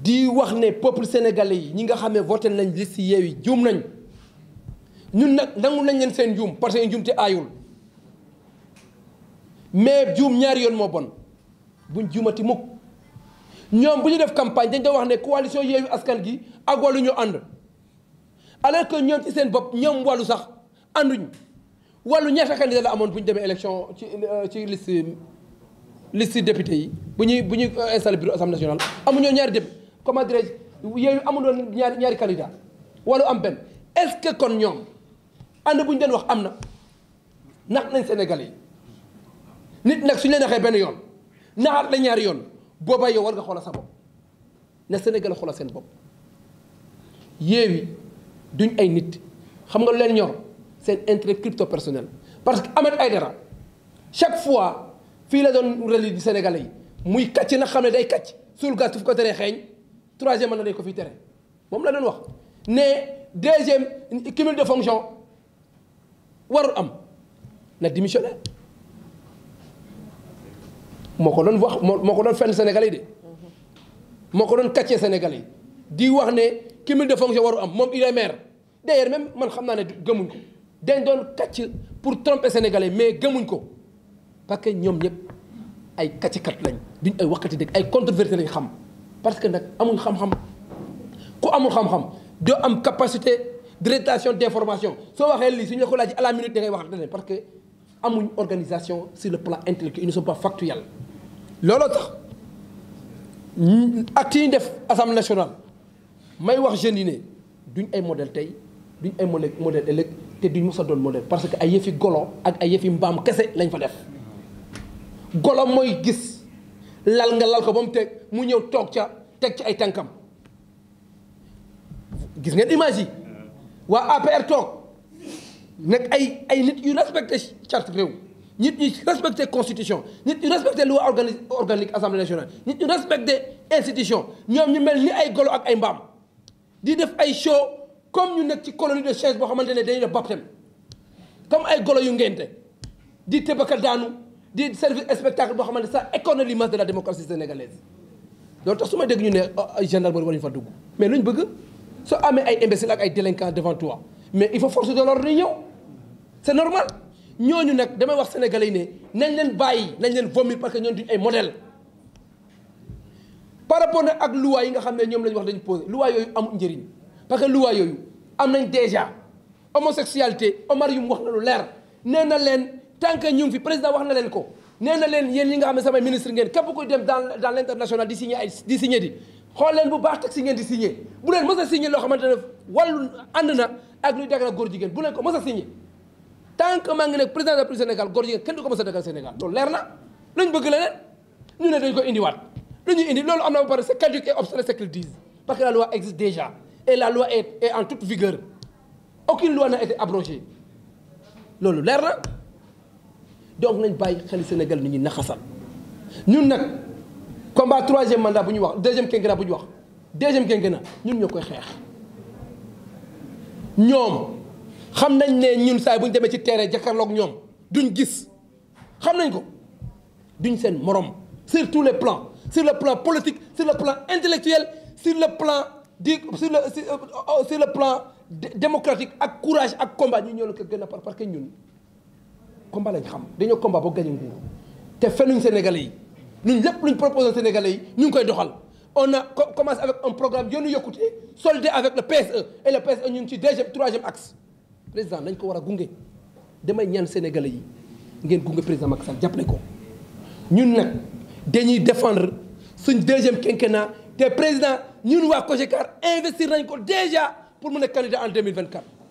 di wax ne peuple sénégalais yi ñi nga xam ne voté nañ liste Yewwi juum nañ ñun nag nangu nañ leen seen juum parce que juum te aayul mais juum ñaari yoon moo bon buñ juumati mukk ñoom bu ñu def campagne dañ doon wax ne coalition Yewwi Askan gi ak wàllu ñu ànd alors que ñoom ci seen bopp ñoom wàllu sax ànduñ wàllu ñaata candidat la amoon bu ñu demee élection ci euh, ci liste liste député yi bu ñuy bu ñuy euh, installé bureau assemblée nationale amuñoo ñaari député comment dirais je yooyu amuloon ñaari ñaari candidat wala am benn est ce que kon ñoom ànd bu ñu doon wax am na nax nañ Sénégalais yi nit nag suñu la naxee benn yoon naxaat la ñaari yoon booba yow war nga xoolal sa bopp na Sénégal xoolal seen bopp yéewi duñ ay nit xam nga lu leen ñor seen intérêt crypto personnel parce que Ahmed Aïdara chaque fois fii la doon reli di Sénégalais yi muy kàcc na xam ne day kàcc suul gas su ko teree xeeñ troisième année ko fiy tere la wax deuxième cumul de fonction warul am na démissionné moko doon wax moko doon Sénégalais dé moko Sénégalais di wax ne cumul de fonctions. waru am mom il est maire d'ailleurs même man xam gëmuñ ko dañ doon katch pour tromper Sénégalais mais gëmuñ ko parce que ñom ñep ay kat lañ duñ ay waxati dëgg ay controversé lañ xam parce que nak amul xam-xam ku amul xam-xam do am capacité de rétention d'information soo waxee lii suñu la ko laajee à la minute ngay wax leneen parce que amuñ organisation sur le plan intellectuel ils ne sont pas factuel lolo tax acte yi def assemblée nationale may wax jeunes yi ne duñ ay modèle tay duñ ay modèle modèle ëllëg te duñ mos a doon modèle parce que ay yefi golo ak ay yefi mbam kese lañ fa def golo moy gis lal nga lal ko ba mu mu ñëw tok ca tek ci ay tankam gis ngeen image yi waa APR tok nek ay ay nit yu respecté charte rew nit yu respecté constitution nit yu respecté loi organique assemblée nationale nit yu respecté institution ñom ñu mel ni ay golo ak ay mbam di def ay show comme ñu nek ci colonie de chaise bo xamantene dañu dañuy baptême comme ay golo yu ngénte di tebaka daanu des services spectacle boo xamante ça écorne l'image de la démocratie sénégalaise loolu tax su may dégg ñu ne ah, gendarmerie war ñu fa dugg mais qu'est-ce ñu bëgg soo amee ay imbéciles ak ay délinquants devant toi mais il faut force de l'ordre réunion. c'est normal Nous, nag damay wax sénégalais yi ne nañ leen bàyyi nañ vomir parce que ñooñu duñ ay modèle par rapport nag ak loi yi nga xam ne ñoom la ñu wax dañu posé loi parce que loi yooyu am nañ déjà homosexualité Omar yu mu wax na lu leer na tant que nous, sommes président wax na ko nga ministre dans dans l' di signer di signé di xol bu signé tant que président de la Sénégal du ko Sénégal nous bëgg ñu ne dañ ko indi wat indi c'est qu'ils disent parce que la loi existe déjà et la loi est est en toute vigueur aucune loi n'a été abrogée donc nañ bàyyi le Sénégal sommes combat troisième mandat le ñu deuxième quinquennat bu deuxième quinquennat Nous le Nous xam nañ ne ñun ci terrain le duñ gis xam sur tous les plans sur le plan politique sur le plan intellectuel sur le plan sur le euh, oh, le plan démocratique ak courage ak combat nous devons parce que combat lañ xam dañoo combat bo gagné nguur té fenuñ Sénégalais yi ñun lépp luñ proposé Sénégalais yi ñu ngi koy doxal on a commencé avec un programme yoonu yokkute soldé avec le PSE et le PSE ci 2e deuxième troisième axe président dañ ko wara a demay damay ñaan Sénégalais yi ngeen gunge président Macky Sall jàppale ko ñun nag dañuy défendre suñ deuxième quinquennat té président ñun waa COGECAR investir nañ ko déjà pour mon candidat en 2024